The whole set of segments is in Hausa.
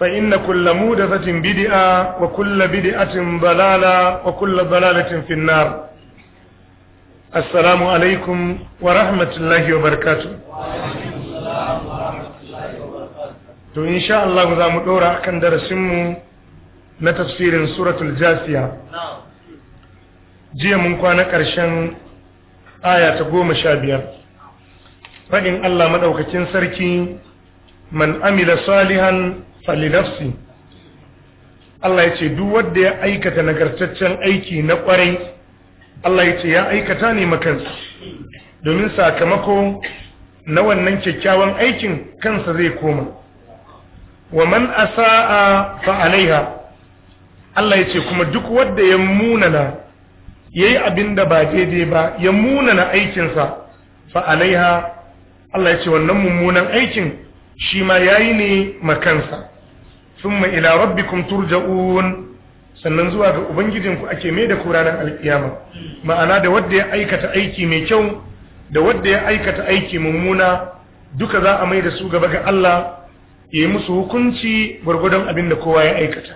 فإن كل مودثة بدعة وكل بدعة ضلالة وكل ضلالة في النار السلام عليكم ورحمة الله وبركاته to insha Allah za mu kan akan darasinmu na tafsirin suratul jasiya jiya mun kwana ƙarshen aya ta goma sha biyar faɗin Allah maɗaukakin sarki man amila salihan falinafsi Allah ya ce duk wanda ya aikata nagartaccen aiki na kwarai Allah ya ce ya aikata ne makansa domin sakamako na wannan kyakkyawan aikin kansa zai koma wa man asaa fa alaiha Allah ya ce kuma duk wanda ya munana yayi abinda ba daidai ba ya munana aikinsa fa alaiha Allah ya ce wannan mummunan aikin shi ma yayi ne makansa ثم ila ربكم turja'un sannan zuwa ga ubangijinku ake mai da ku ranar alkiyama ma'ana da wadda ya aikata aiki mai kyau da wadda ya aikata aiki mummuna duka za a mai da su gaba ga Allah ya yi musu hukunci gwargwadon abin da kowa ya aikata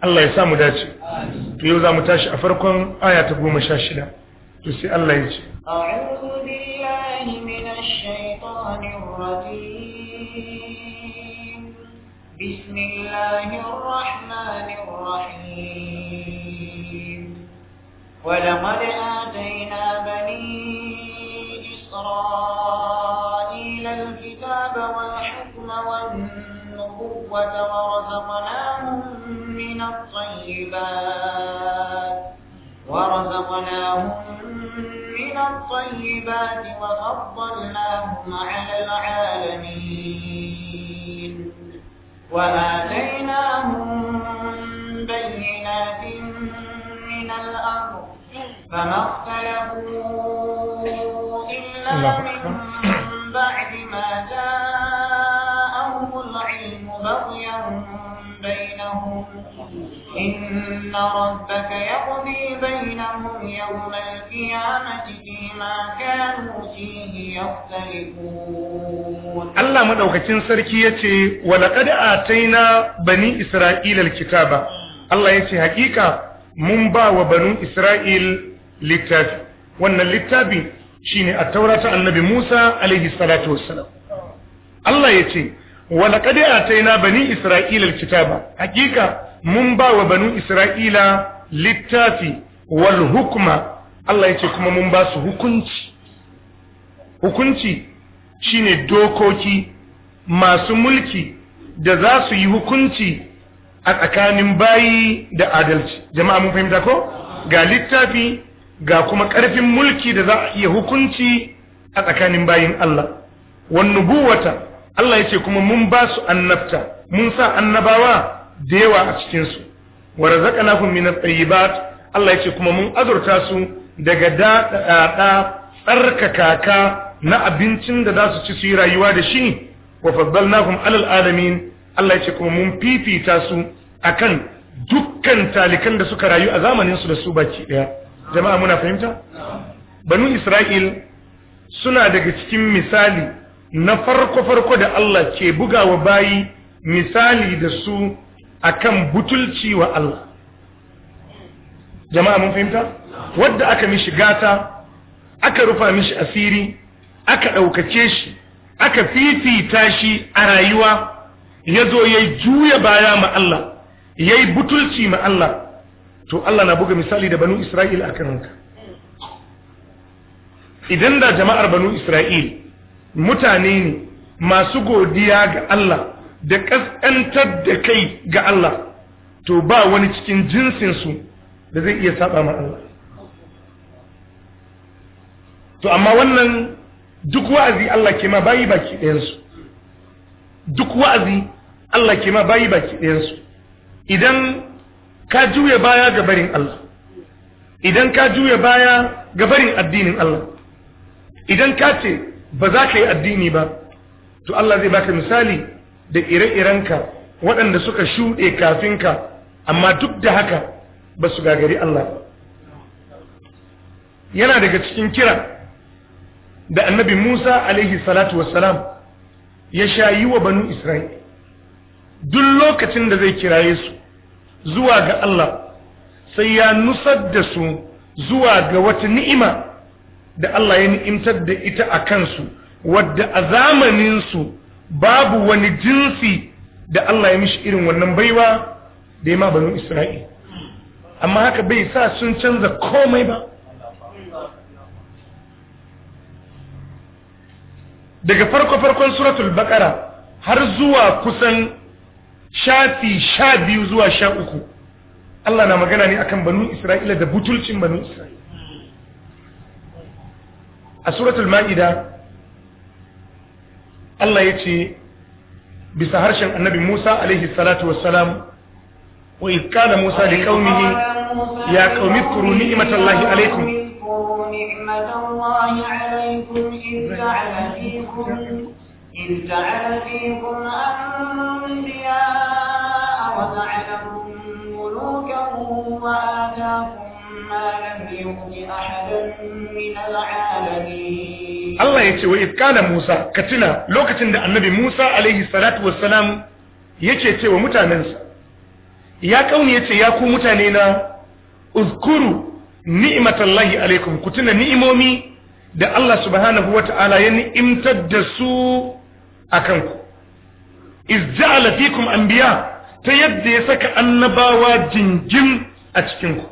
Allah ya mu dace to yau za mu tashi a farkon aya ta goma sha shida to sai Allah ya ce a'udhu billahi minash shaitanir rajim بسم الله الرحمن الرحيم ولقد آتينا بني إسرائيل الكتاب والحكم والنبوة ورزقناهم من الطيبات ورزقناهم من الطيبات وفضلناهم على العالمين وآتيناهم بينات من الأمر فما اختلفوا إلا من بعد ما جاءهم العلم بغيا بينهم إن ربك يقضي بينهم يوم القيامة فيما كانوا فيه يختلفون الله مدوكتين سركية ولقد آتينا بني إسرائيل الكتاب الله يتي حقيقة منبا وبنو إسرائيل littafi wannan littafi shine at-taura ta annabi Musa alaihi salatu wassalam Allah yace wa laqad atayna bani isra'ila kitaba mun ba wa banu isra'ila littafi wal hukuma. Allah ya ce kuma mun ba su hukunci hukunci shine dokoki masu mulki da za su yi hukunci a tsakanin bayi da adalci jama'a mun fahimta ko ga littafi ga kuma ƙarfin mulki da za a iya hukunci a tsakanin bayin Allah wannan buwata Allah ya ce kuma mun ba su annabta mun sa annabawa da yawa a cikinsu wa razaqnahum min at-tayyibat Allah yace kuma mun azurta su daga da tsarkakaka na abincin da za su ci su yi rayuwa da shi wa faddalnahum alal alamin Allah yace kuma mun fifita su akan dukkan talikan da suka rayu a zamanin su da su baki daya jama'a muna fahimta banu isra'il suna daga cikin misali na farko farko da Allah ke bugawa bayi misali da su akan butulci wa Allah jama'a mun fahimta wadda aka mishi gata aka rufa mishi asiri aka ɗaukace shi aka fifita shi a rayuwa ya zo ya juya baya ma Allah ya yi butulci ma Allah to Allah na buga misali da banu Isra'il akan haka idan da jama'ar banu Isra'il mutane ne masu godiya ga Allah da ƙasƙantar da kai ga Allah to ba wani cikin jinsinsu da zai iya saba ma Allah to amma wannan duk wa'azi Allah ke ma bayi baki ɗayansu duk wa'azi Allah ke ma bayi baki ɗayansu idan ka juya baya ga barin Allah idan ka juya baya ga barin addinin Allah idan ka ce ba za ka yi addini ba to Allah zai baka misali da ire-irenka waɗanda suka shuɗe kafinka amma duk da haka ba su gagari Allah yana daga cikin kira da annabi Musa alaihi salatu wassalam ya sha yi wa banu Isra'il duk lokacin da zai kiraye su zuwa ga Allah sai ya nusar da su zuwa ga wata ni'ima da Allah ya ni'imtar da ita a kansu wadda a zamaninsu babu wani jinsi da Allah ya mishi irin wannan baiwa da ya ma banu amma haka bai sa sun canza komai ba daga farko-farkon suratul bakara har zuwa kusan shafi sha biyu zuwa sha uku Allah na magana ne akan banu Isra'ila da butulcin banu Isra'ila. a suratul ma'ida Allah ya ce bisa harshen annabi Musa alaihi salatu wassalam wa idh qala Musa li qaumihi ya qaumi kuru ni'matallahi alaikum إذ جعل فيكم أنبياء وجعلكم ملوكا وآتاكم ما لم يؤت أحدا من العالمين Allah ya ce wa ifkala Musa ka tuna lokacin da annabi Musa alaihi salatu wassalam yake ce wa mutanensa ya kauni yace ya ku mutane na uzkuru ni'matallahi alaikum ku tuna ni'imomi da Allah subhanahu wata'ala ya ni'imtar da su akan ku iz ja'ala fikum anbiya ta yadda ya saka annabawa jinjin a cikin ku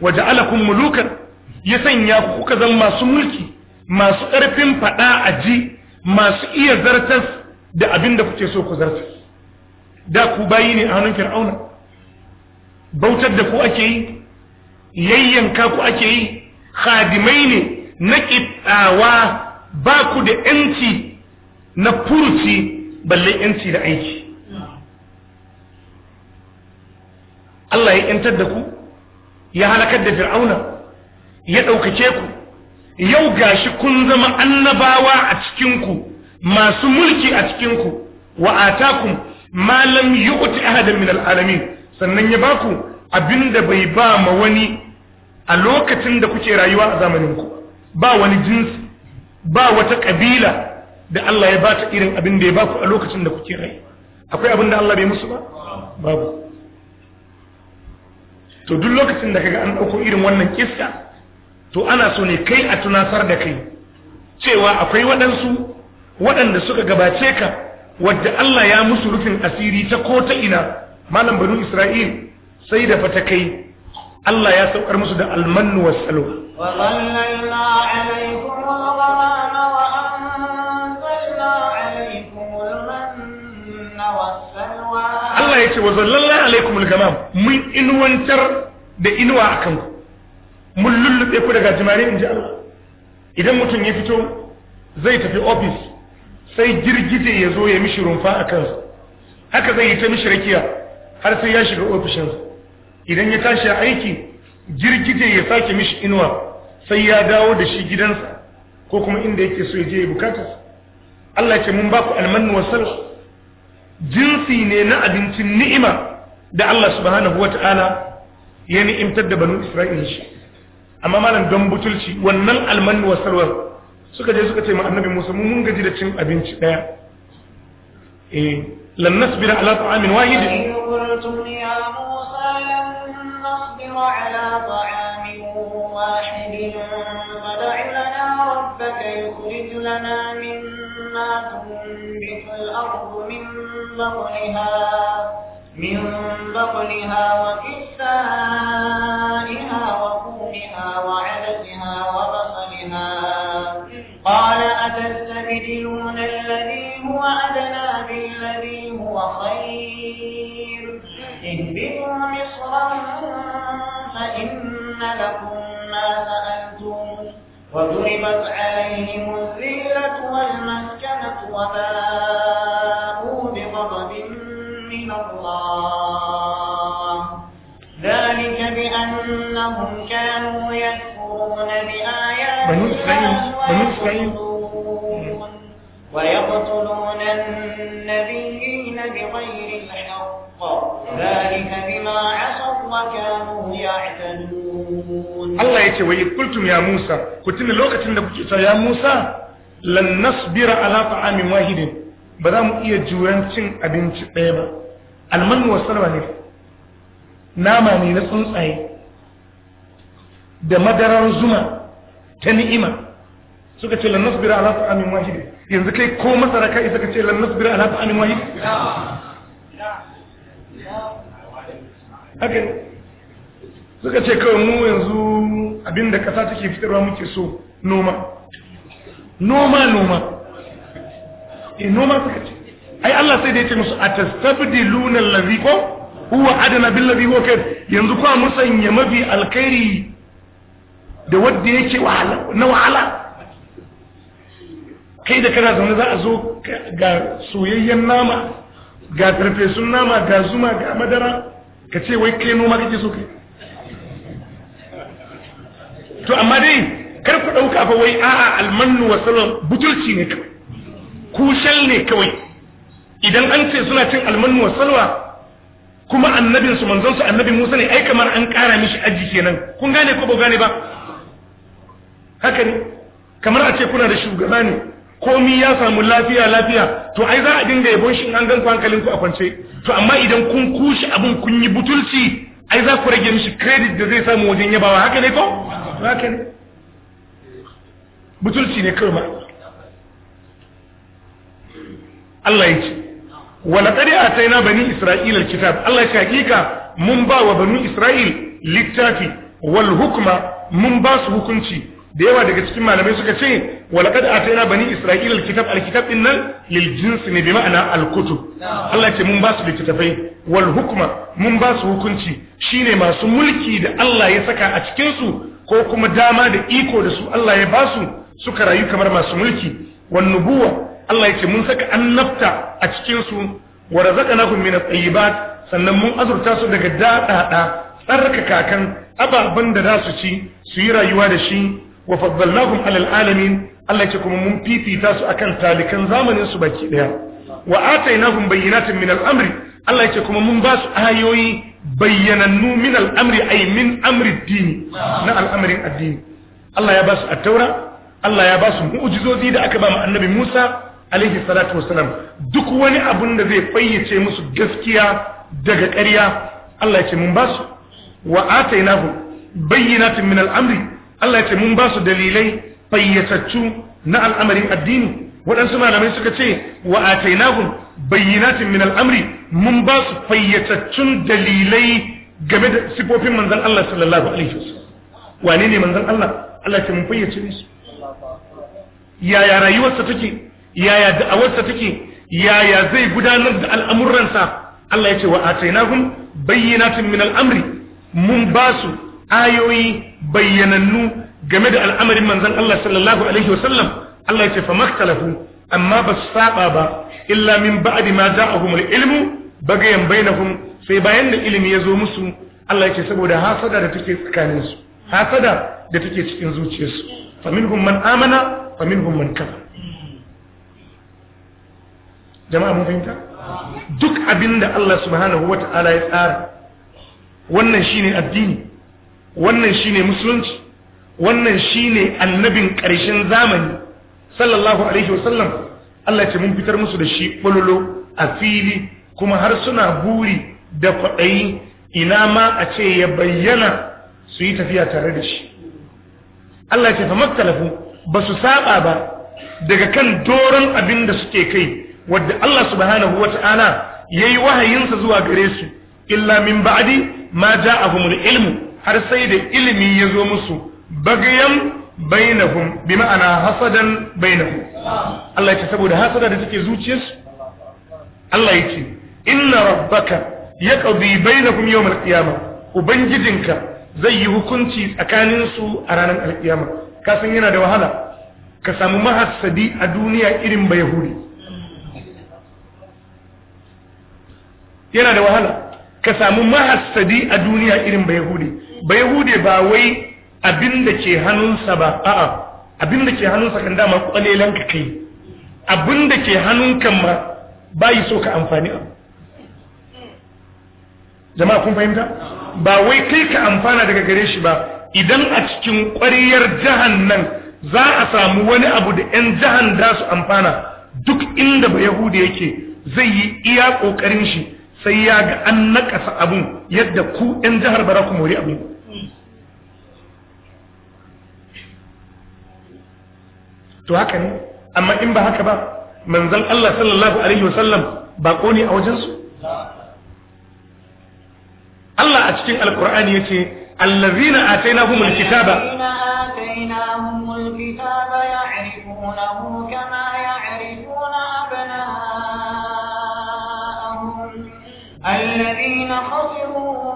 wa mulukan ya sanya ku kuka zama masu mulki masu ƙarfin faɗa a ji masu iya zartas da abin da kuke so ku zartas da ku bayi ne a hannun fir'auna bautar da ku ake yi yayyanka ku ake yi khadimai ne na ƙiɗawa ba ku da ‘yanci na furuci balle ‘yanci da aiki Allah ya ‘yantar da ku ya halakar da fir'auna ya ɗaukace ku yau gashi kun zama annabawa a cikinku masu mulki a cikinku wa atakum ma lam yu'ti ahadan min alalamin sannan ya baku abinda bai ba ma wani a lokacin da kuke rayuwa a zamanin ku ba wani jinsi ba wata kabila da Allah ya bata irin abin da ya baku a lokacin da kuke rayuwa akwai abin da Allah bai musu ba babu to duk lokacin da kaga an dauko irin wannan kissa to ana so ne kai a tunasar da kai cewa akwai waɗansu waɗanda suka gabace ka wadda Allah ya musu rufin asiri ta ko ta ina malam banu Isra'il sai da fata kai Allah ya saukar musu da almannu salwa. Allah ya ce wa zallallah alaikumul gamam mun inwantar da inuwa akan ku mun lullube ku daga jimare in ji Allah idan mutum ya fito zai tafi ofis sai girgije ya zo ya mishi rumfa a kansa haka zai yi ta mishi rakiya har sai ya shiga ofishinsa idan ya tashi aiki girgije ya sake mishi inuwa sai ya dawo da shi gidansa ko kuma inda yake so ya je ya bukata Allah ce mun baku ku wa sal jinsi ne na abincin ni'ima da Allah subhanahu wata'ala ya ni'imtar da banu Isra'ila shi amma malam don butulci wannan almanni wasarwar suka je suka ce mu annabi musa mun gaji da cin abinci daya eh lan nasbir ala ta'amin wahid ya musa lan nasbir ala ta'amin wahid fad'u lana rabbaka yukhrij lana minna tunbitu al-ardu min lahiha من بطنها وكسائها وقومها وعدسها وبصلها قال أتستبدلون الذي هو أدنى بالذي هو خير اهبطوا مصرا فإن لكم ما سألتم وضربت عليهم الذلة والمسكنة وباءوا الله ذلك بأنهم كانوا يكفرون بآيات الله ويقتلون النبيين بغير الحق ذلك بما عصوا وكانوا يعتدون الله يتوي قلتم يا موسى قلت لوقت انك قلت يا موسى lan nasbira ala ta'amin wahidin ba za mu iya juyan cin abinci ɗaya ba almanu wa salwa ne nama ne na tsuntsaye da madarar zuma ta ni'ima suka ce lannas bira ala ta'amin wahidi yanzu kai ko masara kai suka ce lannas bira ala ta'amin wahidi haka suka ce kawai mu yanzu abinda kasa take fitarwa muke so noma noma noma e noma suka ce ai Allah sai da ya ce musu a atastabdiluna allazi ko huwa adana billazi huwa khair yanzu kwa sanya mafi alkhairi da wanda yake wahala na wahala kai da kana zaune za a zo ga soyayyen nama ga tarfesun nama ga zuma ga madara ka ce wai kai noma kake so kai to amma dai kar ku ɗauka fa wai a'a almannu wa salon butulci ne kawai kushal ne kawai idan an ce suna cin almanu wa salwa kuma annabinsu manzonsu annabi musa ne ai kamar an ƙara mishi aji kenan kun gane ko ba gane ba haka ne kamar a ce kuna da shugaba ne komi ya samu lafiya lafiya to ai za a dinga yabon shi an gan ku hankalin ku a kwance to amma idan kun kushi abin kun yi butulci ai za ku rage mishi credit da zai samu wajen yabawa haka ne ko haka ne butulci ne kawai ba Allah ya ce ولقد آتينا بني إسرائيل الكتاب الله mun ba wa وبنو isra'il littafi wal hukma mun ba su hukunci da yawa daga cikin malamai suka ce walaqad atayna bani isra'ila alkitab alkitab innal lil jinsi ne bi ma'ana alkutub Allah ce mun ba su littafai wal hukma mun ba su hukunci shine masu mulki da Allah ya saka a cikinsu ko kuma dama da iko da su Allah ya basu suka rayu kamar masu mulki wan nubuwa Allah ya ce mun saka annabta a cikin su wa razaqnahum min at-tayyibat sannan mun azurta su daga dadada tsarkaka kakan ababan da za su ci su yi rayuwa da shi wa faddalnahum alal alamin Allah ya ce kuma mun fifita su akan talikan zamanin su baki daya wa atainahum bayyinatin min al-amri Allah ya ce kuma mun ba su ayoyi bayyanannu min al-amri ay min amri ad-dini na al-amrin addini Allah ya ba su at-taura Allah ya ba su mu'jizozi da aka ba mu annabi Musa alaihi salatu wasalam duk wani abun da zai fayyace musu gaskiya daga ƙarya Allah ya ce mun ba basu wa atainahu bayyinatin min al'amri Allah ya ce mun ba su dalilai fayyataccu na al'amarin addini waɗansu malamai suka ce wa atainahu bayyinatin min al'amri mun ba su fayyataccun dalilai game da sifofin manzon Allah sallallahu alaihi wasallam wane ne manzon Allah Allah ya ce mun fayyace musu yaya rayuwarsa take yaya da'awarsa take yaya zai gudanar da al'amuransa Allah ya ce wa atainahum bayyinatin min al'amri mun ba su ayoyi bayyanannu game da al'amarin manzon Allah sallallahu alaihi wasallam Allah ya ce famaktalahu amma ba su saba ba illa min ba'di ma ja'ahum al-ilmu bagayan bainahum sai bayan da ilimi ya zo musu Allah ya ce saboda hasada da take tsakaninsu hasada da take cikin zuciyarsu faminhum man amana faminhum man kafara jama'a mun fahimta duk abinda Allah subhanahu wata'ala ya tsara wannan shine addini wannan shine musulunci wannan shine annabin ƙarshen zamani sallallahu alaihi wasallam Allah ce mun fitar musu da shi bololo a fili kuma har suna buri da kwaɗayi ina ma a ce ya bayyana su yi tafiya tare da shi Allah ce fa maktalafu ba su saba ba daga kan doron abin da suke kai wadda Allah subhanahu ya yayi wahayinsa zuwa gare su illa min ba'di ma ja'ahumul ilmu har sai da ilimi ya zo musu bagayan bainahum bi ma'ana hasadan bainahum Allah ya saboda hasada da take zuciyarsu Allah yake inna rabbaka yaqdi bainahum yawm al-qiyamah ubangijinka zai yi hukunci tsakanin su a ranar alkiyama kasan yana da wahala ka samu mahassadi a duniya irin bayahudi yana da wahala ka samu mahassadi a duniya irin ba yahudi ba wai abin da ke hannunsa ba a'a abin da ke hannunsa kan dama kwalelan ka kai abin da ke hannunka ma ba yi so ka amfani a jama'a kun fahimta ba wai kai ka amfana daga gare shi ba idan a cikin kwariyar jahan nan za a samu wani abu da 'yan jahan da su amfana duk inda ba yahudi yake zai yi iya ƙoƙarin shi sai ya ga an naƙasa abun yadda ku ɗan jihar bara ku mori abun to haka ne amma in ba haka ba manzon Allah sallallahu alaihi wasallam bako ne a wajensu Allah a cikin alkur'ani yace allazina atainahumul kitaba atainahumul kitaba ya'rifunahu kama ya'rifuna الذين خسروا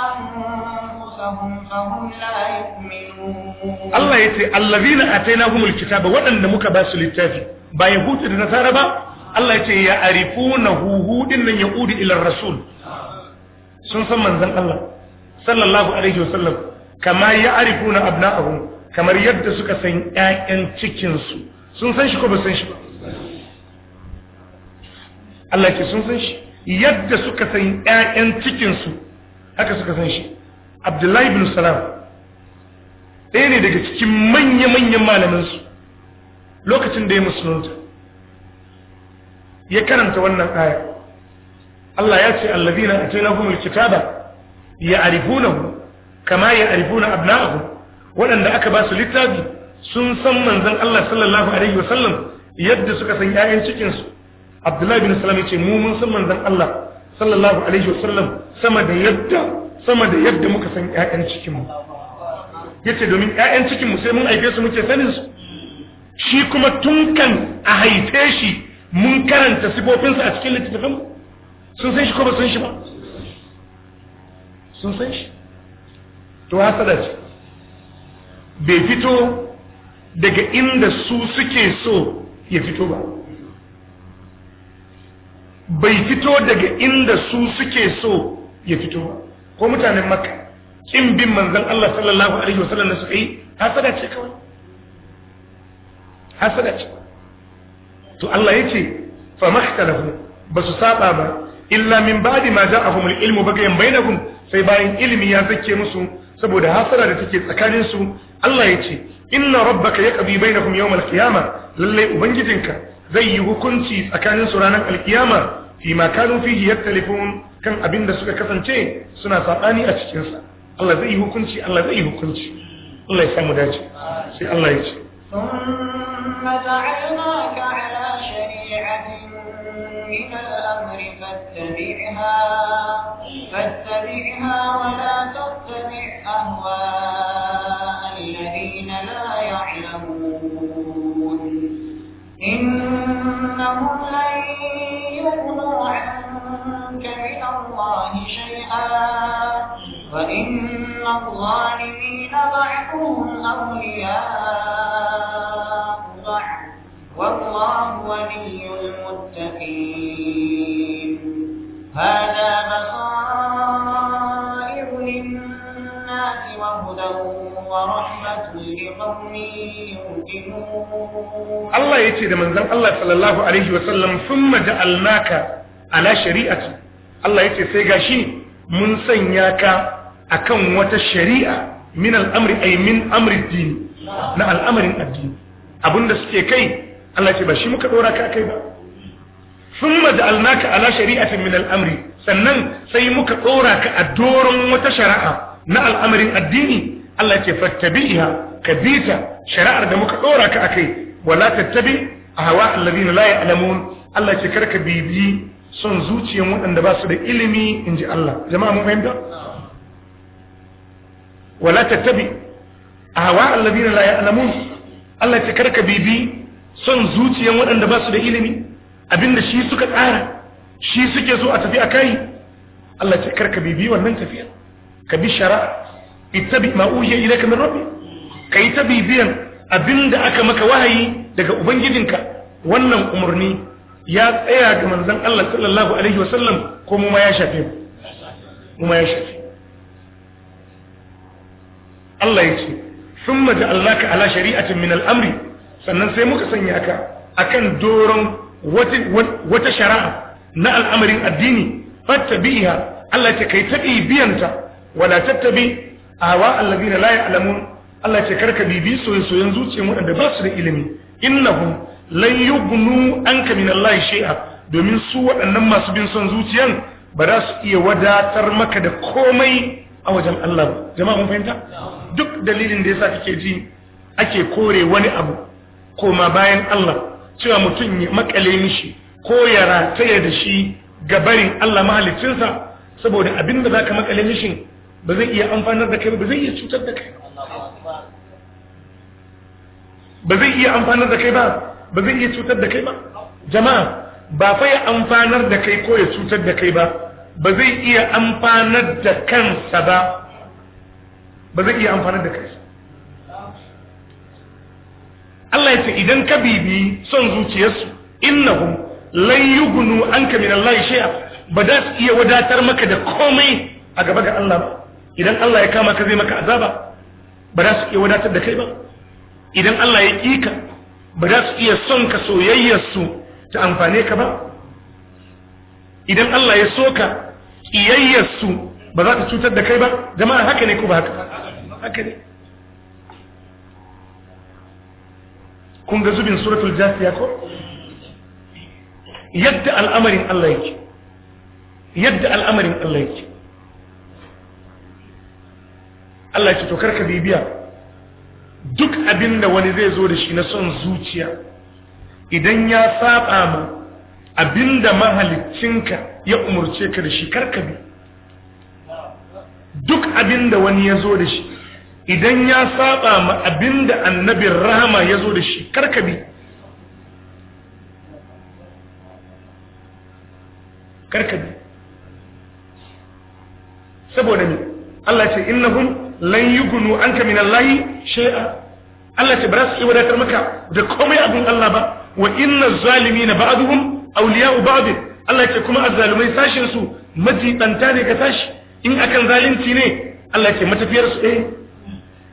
أنفسهم فهم لا يؤمنون الله يتي الذين أتيناهم الكتاب ودن مكا باس للتافي با يهود النصارى با الله يتي يعرفونه هود من يعود إلى الرسول sun san manzon Allah sallallahu alaihi wasallam kama ya'rifuna abna'ahum kamar yadda suka san ƴaƴan cikin su sun san shi ko ba san shi ba Allah ke sun san shi yadda suka san ƴaƴan cikinsu haka suka san shi abdullahi bin salam ɗaya ne daga cikin manya-manyan malaminsu lokacin da ya musulunta ya karanta wannan aya Allah ya ce allazina atainahumul kitaba ya'rifunahu kama ya'rifuna abna'ahum waɗanda aka ba su littafi sun san manzon Allah sallallahu alaihi wasallam yadda suka san ƴaƴan cikinsu abdullahi bin salam yace mu mun san manzon Allah sallallahu alaihi wasallam sama da yadda sama da yadda muka san ƴaƴan cikin mu yace domin ƴaƴan cikin mu sai mun haife su muke sanin su shi kuma tun kan a haife shi mun karanta sa a cikin littafin mu sun san shi ko ba sun shi ba sun san shi to sada shi bai fito daga inda su suke so ya fito ba bai fito daga inda su suke so ya fito ba ko mutanen makka kin bin manzon Allah sallallahu alaihi wasallam su yi hasada ce kawai hasada ce to Allah yace fa mahtalafu basu saba ba illa min ba'di ma ja'ahum al-ilmu bagayan bainahum sai bayan ilimi ya sake musu saboda hasara da take tsakanin su Allah yace inna rabbaka yaqdi bainahum yawm al-qiyamah lalle ubangijinka zai yi hukunci tsakanin su ranar alkiyama fi ma kanu fihi yaktalifun kan abin da suka kasance suna sabani a cikin sa Allah zai yi hukunci Allah zai yi hukunci Allah ya samu dace sai Allah ya ce thumma فاتبعها ولا تتبع أهواء الذين لا يعلمون أنهم لن يغنوا عنك من الله شيئا وإن الظالمين بعضهم أولياء بعض والله ولي المتقين هذا بصائر للناس وهدى ورحمة لقوم يؤمنون الله يتي ده منزل الله صلى الله عليه وسلم ثم جعلناك على شريعتي Allah ya ce sai gashi mun sanya ka akan wata shari'a min al'amri ay min amri dini na al'amarin addini abinda suke kai Allah ya ce ba shi muka dora ka kai ba Sun thumma ja'alnaka ala shari'atu min al'amri sannan sai muka dora ka a doron wata shari'a na al'amarin addini Allah ce fattabi'iha ka bita shari'ar da muka dora ka akai wala tattabi ahwa alladhina la ya'lamun Allah ce karka bibi son zuciyar waɗanda ba su da ilimi inji Allah jama'a mun fahimta wala tattabi ahwa alladhina la ya'lamun Allah ce karka bibi son zuciyar waɗanda ba su da ilimi abinda shi suka tsara shi suke so a tafi akai Allah ce karka bibi wannan tafiyar ka bi shara ittabi ma uhiya ilayka min rabbi yi ta bibiyan abinda aka maka wahayi daga ubangijinka wannan umarni ya tsaya ga manzon Allah sallallahu alaihi wasallam ko mu ma ya shafe mu ma ya shafe Allah ya ce thumma ja'alnaka ala shari'atin min al-amri sannan sai muka sanya ka akan doron wata shari'a na al'amarin addini fattabiha Allah ya ce kai ta bibiyanta wala tattabi awa allazina la ya'lamun Allah ce karka bibi soyayyen zuciyar wadanda ba su da ilimi innahum lan yughnu anka min Allah shay'a domin su waɗannan masu bin son zuciyan ba za su iya wadatar maka da komai a wajen Allah ba jama'a mun fahimta duk dalilin da yasa kake ji ake kore wani abu koma bayan Allah cewa mutum ya makale mishi ko ya rataya da shi ga barin Allah mahalicinsa saboda abinda zaka makale mishi ba zai iya amfanar da kai ba zai iya cutar da kai ba zai iya amfanar da kai ba ba zai iya cutar da kai ba jama'a ba fa ya amfanar da kai ko ya cutar da kai ba ba zai iya amfanar da kansa ba ba zai iya amfanar da kansa Allah ya ce idan ka bibi son zuciyarsu innahum lan yughnu anka min Allah shay'a ba za su iya wadatar maka da komai a gaba ga Allah ba idan Allah ya kama ka zai maka azaba ba za su iya wadatar da kai ba idan Allah ya ƙi ka ba za su iya son ka soyayyarsu ta amfane ka ba idan Allah ya so ka ƙiyayyarsu ba za ta cutar da kai ba jama'a haka ne ko ba haka haka ne kun ga zubin suratul jasiya ko yadda al'amarin Allah yake yadda al'amarin Allah yake Allah ce to karka bibiya duk abinda wani zai zo da shi na son zuciya idan ya saba mu abinda mahalicinka ya umurce ka da shi karka bi duk abinda wani ya zo da shi idan ya saba mu abinda annabin rahama ya zo da shi karka bi karka bi saboda ne Allah ce innahum lan yi yugunu anka min Allahi shay'a Allah ce ba su iya wadatar maka da komai abin Allah ba wa inna zalimina ba'duhum awliya'u ba'd Allah ce kuma a azzalumai sashin su majibanta ne ka sashi in akan zalunci ne Allah ce matafiyar su ɗaya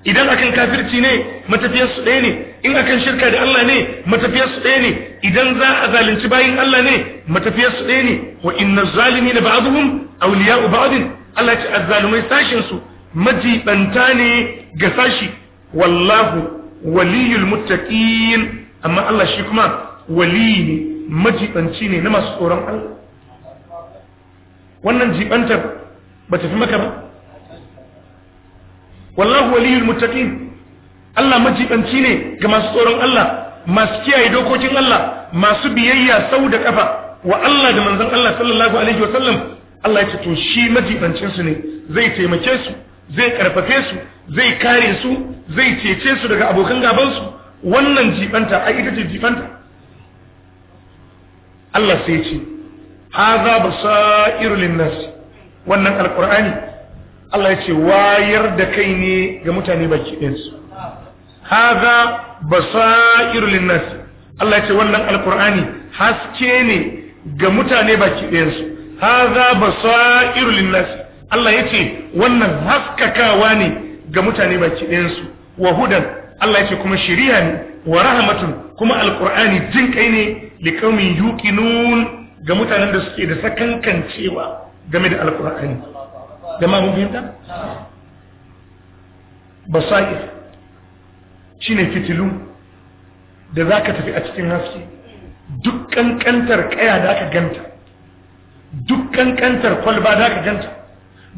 idan akan kafirci ne matafiyar su ɗaya ne in akan shirka da Allah ne matafiyar su ɗaya ne idan za a zalunci bayin Allah ne matafiyar su ɗaya ne wa inna zalimina ba'duhum awliya'u ba'd Allah ce a azzalumai sashin su majibanta ne ga sashi wallahu waliyul muttaqin amma Allah shi kuma wali ne majibanci ne na masu tsoron Allah wannan jibantar ba ta fi maka ba wallahu waliyul muttaqin Allah majibanci ne ga masu tsoron Allah masu kiyaye dokokin Allah masu biyayya sau da kafa wa Allah da manzon Allah sallallahu alaihi wa sallam Allah ya ce to shi majibancin ne zai taimake su zai karfafe su zai kare su zai cece su daga abokan gabansu wannan jifanta a ita ce jifanta. Allah sai ce haza basairu linnas wannan alqur'ani Allah ya ce wayar da kai ne ga mutane baki ɗinsu haza basairu linnas Allah ya ce wannan alqur'ani haske ne ga mutane baki ɗinsu haza basairu linnas Allah ya ce wannan haskakawa ne ga mutane baki ɗayansu wa hudan Allah ya ce kuma shiriya ne wa rahmatun kuma alƙur'ani jin kai ne liƙaumin yuƙinun ga mutanen da suke da sakankancewa game da alƙur'ani jama'a mun fahimta basair shine fitilu da ka tafi a cikin haske duk kankantar ƙaya da aka ganta duk kankantar kwalba da aka ganta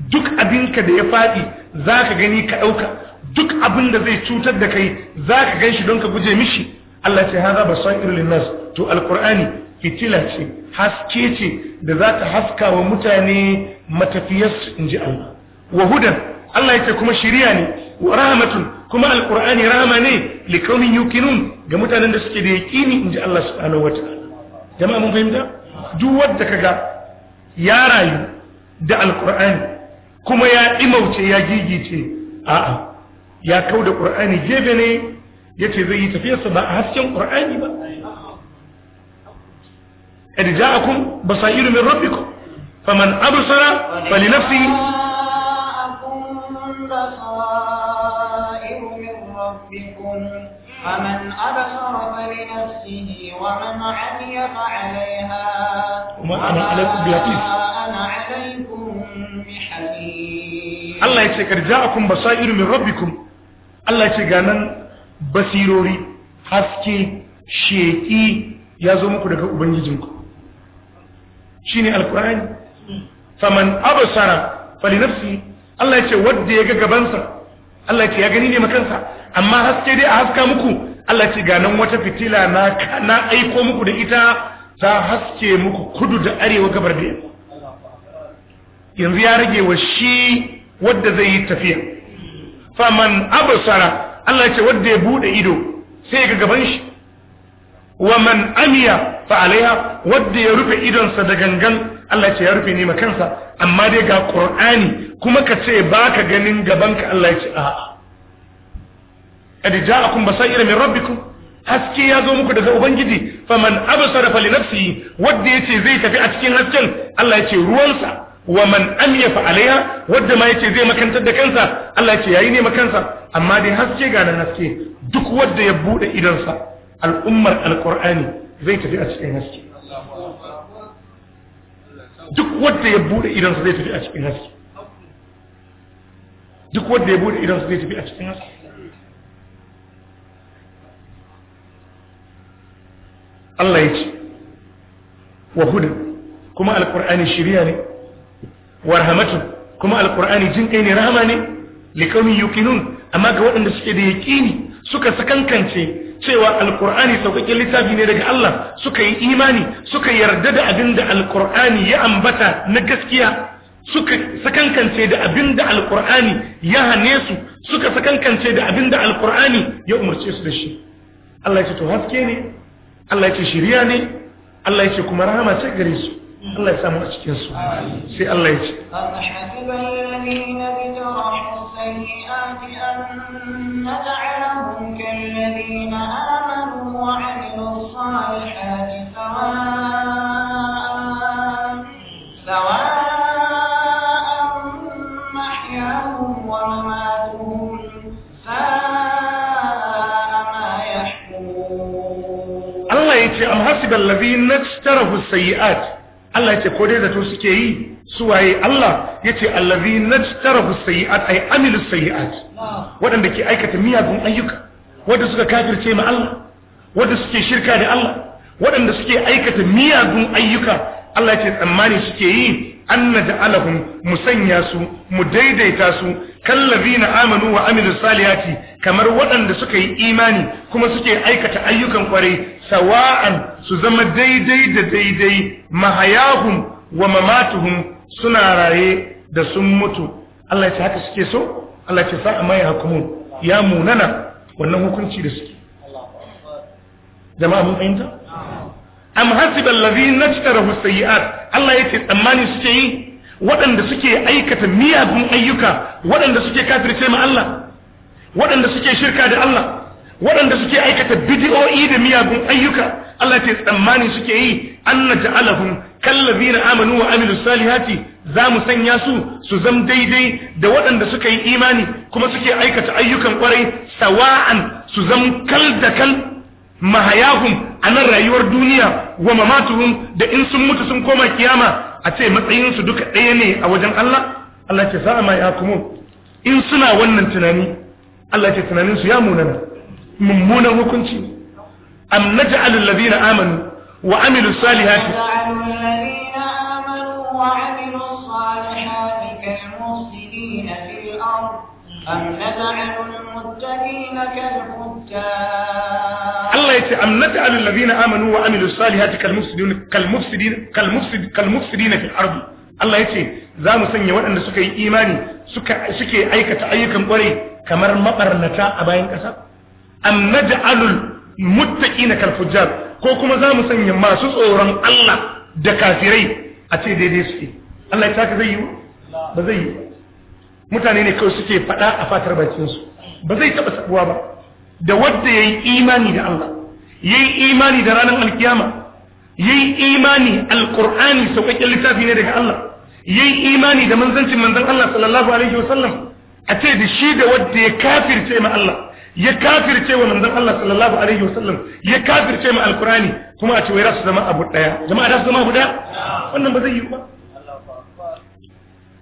duk abinka da ya faɗi za ka gani ka ɗauka duk abin da zai cutar da kai za ka gan shi don ka guje mishi Allah ce haza ba son irin nas to alkur'ani fitila ce haske ce da za ta haska wa mutane matafiyarsu in ji Allah wa hudan Allah ya ce kuma shirya ne wa rahmatun kuma alkur'ani rahama ne li kaumin yukinun ga mutanen da suke da yaƙini in ji Allah subhanahu wa jama'a mun fahimta duk wanda kaga ya rayu da alkur'ani kuma ya dimauce ya gigice a'a ya kau da ƙur'ani gefe ne yace zai yi tafiyar sa ba a hasken qur'ani ba ƙadi ja'akum basairu min rabbikum faman absara fali nafsihi فمن أبصر فلنفسه ومن عمي فعليها وما أنا عليكم بحفيظ أنا عليكم Allah ya ce karja'akum basairu min rabbikum Allah ya ce ga basirori haske sheki ya zo muku daga ubangijinku shine alqur'ani faman absara falinafsi Allah ya ce wanda ya ga gabansa Allah ya ce ya gani ne makansa amma haske dai a haska muku Allah ce ga wata fitila na na aiko muku da ita ta haske muku kudu da arewa gabar da yanzu ya rage wa shi wadda zai yi tafiya faman absara Allah ce wadda ya bude ido sai ga gaban shi wa man amiya fa alaiha wadda ya rufe idonsa da gangan Allah ce ya rufe ne kansa amma dai ga Qur'ani kuma ka ce baka ganin gabanka Allah ya ce a'a kad ja'akum basaira min rabbikum haske ya zo muku daga ubangiji faman absara fali wadda wanda yace zai tafi a cikin hasken Allah ya ce ruwansa wa man amiya fa alaiha wanda ma yace zai makantar da kansa Allah ce ya yi ne makansa amma dai haske ga nan haske duk wadda ya bude idansa al'ummar alqur'ani zai tafi a cikin haske duk wadda ya bude idansa zai tafi a cikin haske duk wanda ya bude idansa zai tafi a cikin haske Allah yace wa hudan kuma alqur'ani shiriya ne warhamatu kuma alqur'ani jin kai ne rahama ne liqaumin yuqinun amma ga waɗanda suke da yaqini suka sakankance cewa alqur'ani saukakken littafi ne daga Allah suka yi imani suka yarda da abin da alqur'ani ya ambata na gaskiya suka sakankance da abin da alqur'ani ya hane su suka sakankance da abin da alqur'ani ya umarce su da shi Allah ya ce to haske ne Allah ya ce shiriya ne Allah ya ce kuma rahama ce gare su الله يسامو أشكين سؤال سي الله يجي أم حسب الذين اجترحوا السيئات أن نجعلهم كالذين آمنوا وعملوا الصالحات سواء سواء محياهم ومماتهم ساء ما يحكمون الله يجزي أم حسب الذين اجترحوا السيئات Allah ya ce ko dai zato suke yi suwaye Allah ya ce allazi najtarahu sayyi'at ay amilu sayyi'at waɗanda ke aikata miyagun ayyuka wanda suka kafirce ma Allah wanda suke shirka da Allah waɗanda suke aikata miyagun ayyuka Allah ya ce tsammani suke yi an mu sanya su mu daidaita su kallazina amanu wa amilus salihati kamar waɗanda suka yi imani kuma suke aikata ayyukan kwarai sawa'an su zama daidai da daidai mahayahum wa mamatuhum suna raye da sun mutu Allah ya ce haka suke so Allah ya ce sa'a ya hukumun ya munana wannan hukunci da suke jama'a mun fahimta am hasiba allazina tajtarahu sayyi'at Allah ya ce tsammani suke yi waɗanda suke aikata miyagun ayyuka waɗanda suke kafirce ma Allah waɗanda suke shirka da Allah waɗanda suke aikata bidiyo'i da miyagun ayyuka Allah ce tsammani suke yi an na ja'alahum kallazina amanu wa amilu salihati za mu sanya su su zam daidai da waɗanda suka yi imani kuma suke aikata ayyukan kwarai sawa'an su zam kal da kal mahayahum a nan rayuwar duniya wa mamatuhum da in sun mutu sun koma kiyama a ce matsayinsu duka ɗaya ne a wajen Allah Allah ce sa'a ma ya in suna wannan tunani Allah ce tunaninsu ya munana mummunan hukunci am naj'alul ladina amanu wa amilus salihati وعملوا أم نجعل المتقين كالفجار الله يتي أم نجعل الذين آمنوا وعملوا الصالحات كالمفسدين كالمفسدين كالمفسد كالمفسدين في الأرض Allah ya ce za mu sanya waɗanda suka yi imani suke aikata ayyukan ƙwarai kamar maɓarnata a bayan ƙasa an naja'alul muttaqina kal fujjar ko kuma za mu sanya masu tsoron Allah da kafirai a ce daidai suke Allah ya taka zai yi ba zai yi ba mutane ne kawai suke faɗa a fatar bakinsu ba zai taɓa sabuwa ba da wadda ya yi imani da Allah ya yi imani da ranar alkiyama ya yi imani alƙur'ani sauƙaƙƙen littafi ne daga Allah ya yi imani da manzancin manzan Allah sallallahu alaihi wasallam a ce da shi da wadda ya kafirce ma Allah ya kafirce wa manzan Allah sallallahu alaihi wasallam ya kafirce ma alkur'ani kuma a ce wai rasu zama abu ɗaya jama'a rasu zama abu ɗaya wannan ba zai yi ba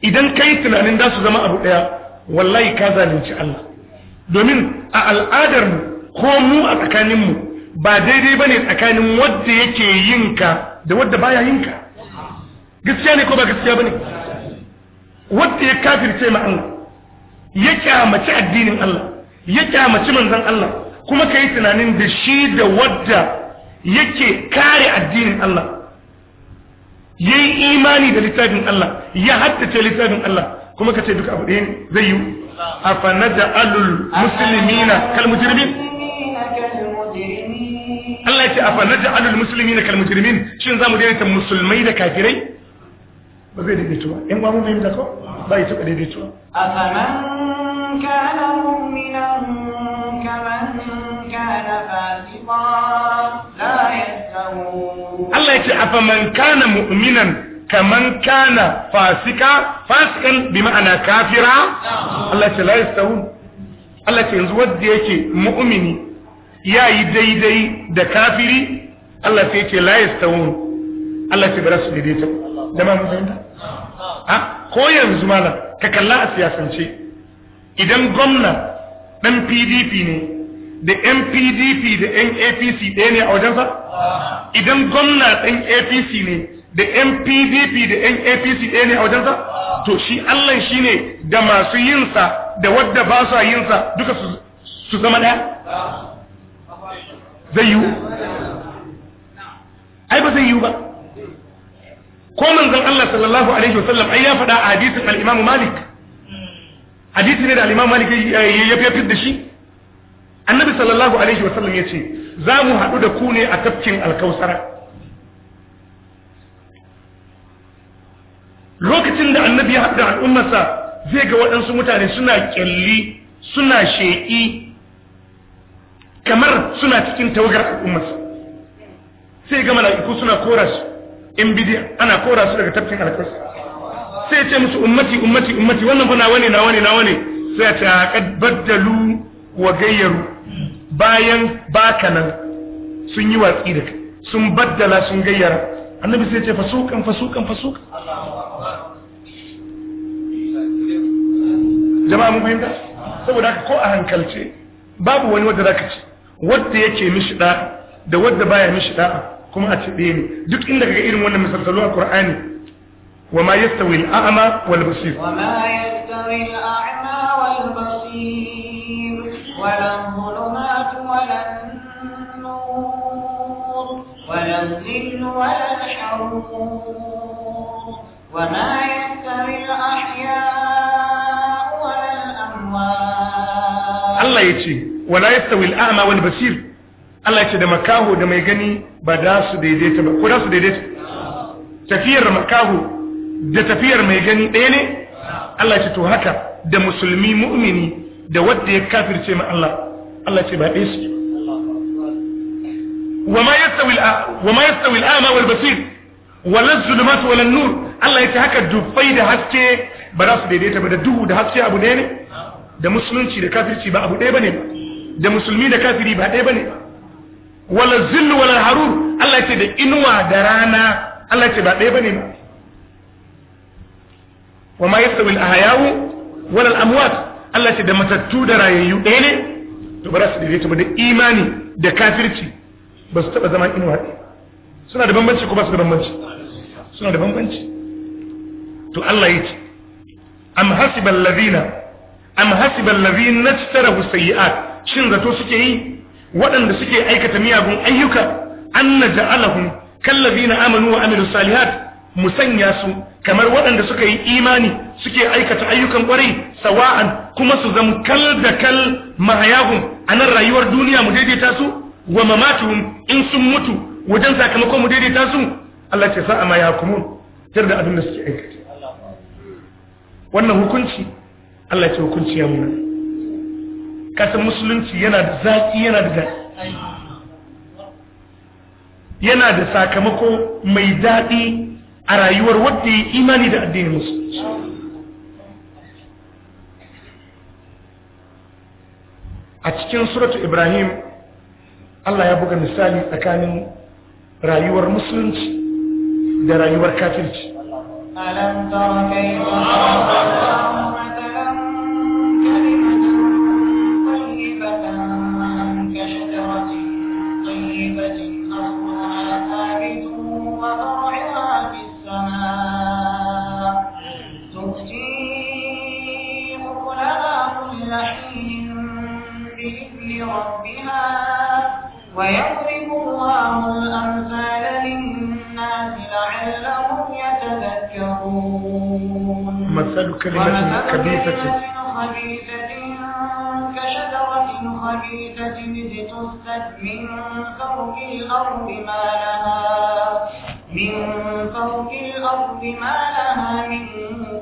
idan kai tunanin da su zama abu daya wallahi ka zalunci Allah domin a al'adar mu ko mu a tsakanin mu ba daidai bane tsakanin wanda yake yinka da wanda baya yinka gaskiya ne ko ba gaskiya bane wanda ya kafirce ma Allah ya kyamaci addinin Allah ya kyamaci manzon Allah kuma kai tunanin da shi da wanda yake kare addinin Allah yayi imani da littafin Allah ya haddace littafin Allah kuma kace duka abu ɗaya ne zai yi afanaj'alul muslimina kal mujrimin Allah ce yace afanaj'alul muslimina kal mujrimin shin za zamu daidaita musulmai da kafirai ba zai daidaito ba in gwamnati mai da ko ba yi tuka daidaito afaman kana mu'minan kaman كان فاسقا لا يستوون الله يتي أفمن كان مؤمنا كمن كان فاسقا فاسقا بمعنى كافرا الله يتي لا يستوون الله يتي ينزو ودي يتي مؤمني يا يدي دي دا كافري الله يتي لا يستوون الله يتي برسل دي دي جماعة مزيدة ha ko yanzu malam ka kalla a siyasance idan gwamna dan pdp ne da NPDP da NAPC ɗaya ne a wajensa? Idan gwamna ɗan APC ne da NPDP da NAPC ɗaya ne a wajensa? To shi Allah shi ne da masu yinsa da wadda ba sa yinsa duka su zama ɗaya? Zai yiwu? Ai ba zai yiwu ba. Ko zan Allah sallallahu Alaihi wasallam ai ya faɗa a hadisin al'imamu Malik. Hadisi ne da al'imamu Malik ya fi da shi? annabi sallallahu alaihi wasallam ya ce za mu haɗu da ku ne a tafkin alkausara lokacin da annabi ya haɗu da al'ummarsa zai ga waɗansu mutane suna ƙyalli suna sheƙi kamar suna cikin tawagar al'ummarsa sai ga mala'iku suna kora su in bidiya ana kora su daga tafkin alkausara sai ce musu ummati ummati ummati wannan fa na wani na ne na ne sai ta qad baddalu wa gayyaru bayan baka nan sun yi watsi da kai sun baddala sun gayyara annabi sai ce fasukan fasukan fasukan jama'a mun fahimta saboda haka ko a hankalce babu wani wanda zaka ci wanda yake mishi da da wanda baya mishi da kuma a ci ne duk inda kaga irin wannan misalsalu a Qur'ani wa ma yastawi al-a'ma wal basir wa ma yastawi wal basir ولا الظلمات ولا النور ولا الظل ولا الحرور وما يستوي الأحياء ولا الأموات الله يتي ولا يستوي الأعمى والبصير Allah ya ce da makaho da mai gani ba da su daidaita ba ko da su daidaita tafiyar makaho da tafiyar mai gani ɗaya ne Allah ya ce to haka da musulmi mu'mini da wadda ya kafirce ma Allah Allah ce ba ɗaya suke وما يستوي وما يستوي الأعمى والبصير ولا الظلمات ولا النور الله yace haka dufai da haske ba za su daidaita ba da duhu da haske abu ɗaya ne da musulunci da kafirci ba abu ɗaya bane ba da musulmi da kafiri ba ɗaya bane ba wala zill wala harur Allah yace da inuwa da rana Allah yace ba ɗaya bane ba Wa ma وما يستوي الأحياء ولا الأموات Allah ce da matattu da rayayyu ɗaya ne to ba za su daidaita ba da imani da kafirci ba su taɓa zama inuwa ɗaya suna da bambanci ko ba su da bambanci suna da bambanci to Allah ya ce am hasibal ladina am hasibal ladina tajtarahu sayiat shin zato suke yi waɗanda suke aikata miyagun ayyuka an kan kallazina amanu wa amilus salihat mu sanya su kamar waɗanda suka yi imani suke aikata ayyukan kwarai sawa'an kuma su zama kal da kal a nan rayuwar duniya mu daidaita su wa mamatuhum in sun mutu wajen sakamakon mu daidaita su Allah ce sa'a ma yahkumun tar da abin da suke aikata wannan hukunci Allah ce hukunci ya muna kasan musulunci yana da zaki yana da zaki yana da sakamako mai daɗi a rayuwar wadda ya imani da addinin musulunci a cikin suratu ibrahim allah ya buga misali tsakanin rayuwar musulunci da rayuwar kafirci ويضرب الله الأمثال للناس لعلهم يتذكرون مثل كلمة خبيثة كشجرة خبيثة اجتثت من فوق الأرض ما لها من فوق الأرض ما لها من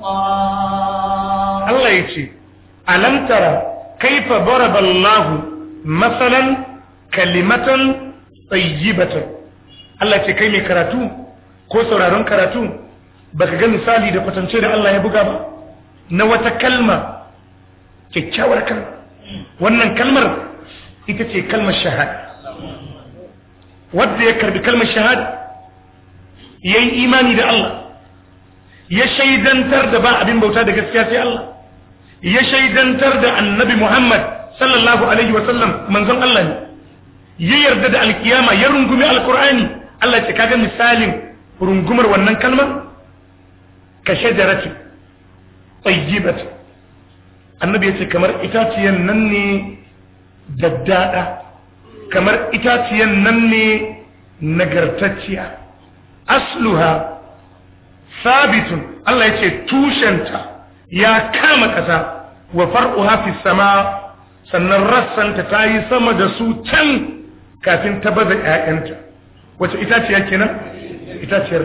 قرار الله يجي ألم ترى كيف ضرب الله مثلا kalimatan tsayyibatan Allah ce kai mai karatu ko sauraron karatu baka ga misali da kwatance da Allah ya buga ba na wata kalma kyakkyawar kalma wannan kalmar ita ce kalmar shahad. wadda ya karbi kalmar shahad ya yi imani da Allah ya shaidantar da ba abin bauta da gaskiya sai Allah ya shaidantar da annabi Muhammad sallallahu alaihi wasallam manzon Allah ne ya yarda da alkiyama ya rungumi alkur'ani Allah ce kaga misalin rungumar wannan kalmar ka shajarati tsayyibati annabi ya ce kamar itaciyan nan ne daddada kamar itaciyan nan ne nagartacciya asluha sabitun Allah ya ce tushenta ya kama kasa wa far'uha fi sama sannan rassanta ta yi sama da su can kafin ta baza ƴaƴanta wace itaciya kenan itaciyar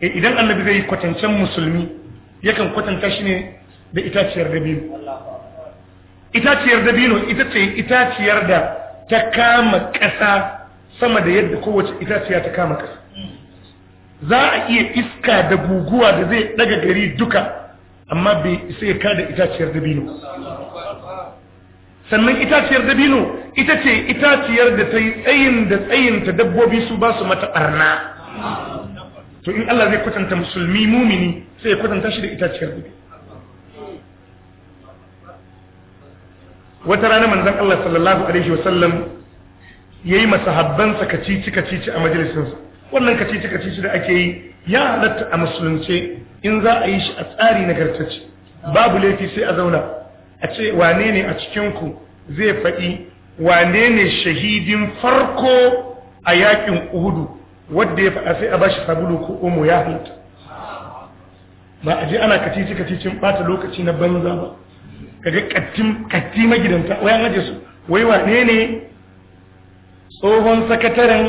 Eh idan annabi zai kwatancen musulmi yakan kwatanta shi ne da itaciyar dabino itaciyar dabino ita ce itaciyar da ta kama ƙasa sama da yadda kowace itaciya ta kama ƙasa za a iya iska da guguwa da zai daga gari duka amma bai isa ya kada itaciyar dabino sannan itaciyar dabino ita ce itaciyar da ta yi tsayin da tsayin ta dabbobi su ba su mata ɓarna. to in Allah zai kwatanta musulmi mumini sai ya kwatanta shi da itaciyar dabino wata rana manzon Allah sallallahu alaihi wasallam yayi masahabban sa kacici kacici a majalisinsa wannan kacici kacici da ake yi ya halatta a musulunce in za a yi shi a tsari nagartacce babu laifi sai a zauna a ce wane ne a cikinku zai faɗi wane ne shahidin farko a yakin uhudu wadda ya faɗa sai a bashi sabulu ko omo ya halitta ba a je ana katici katicin ɓata lokaci na banza ba kaga katti magidanta wayan aje su wai wane ne tsohon sakataren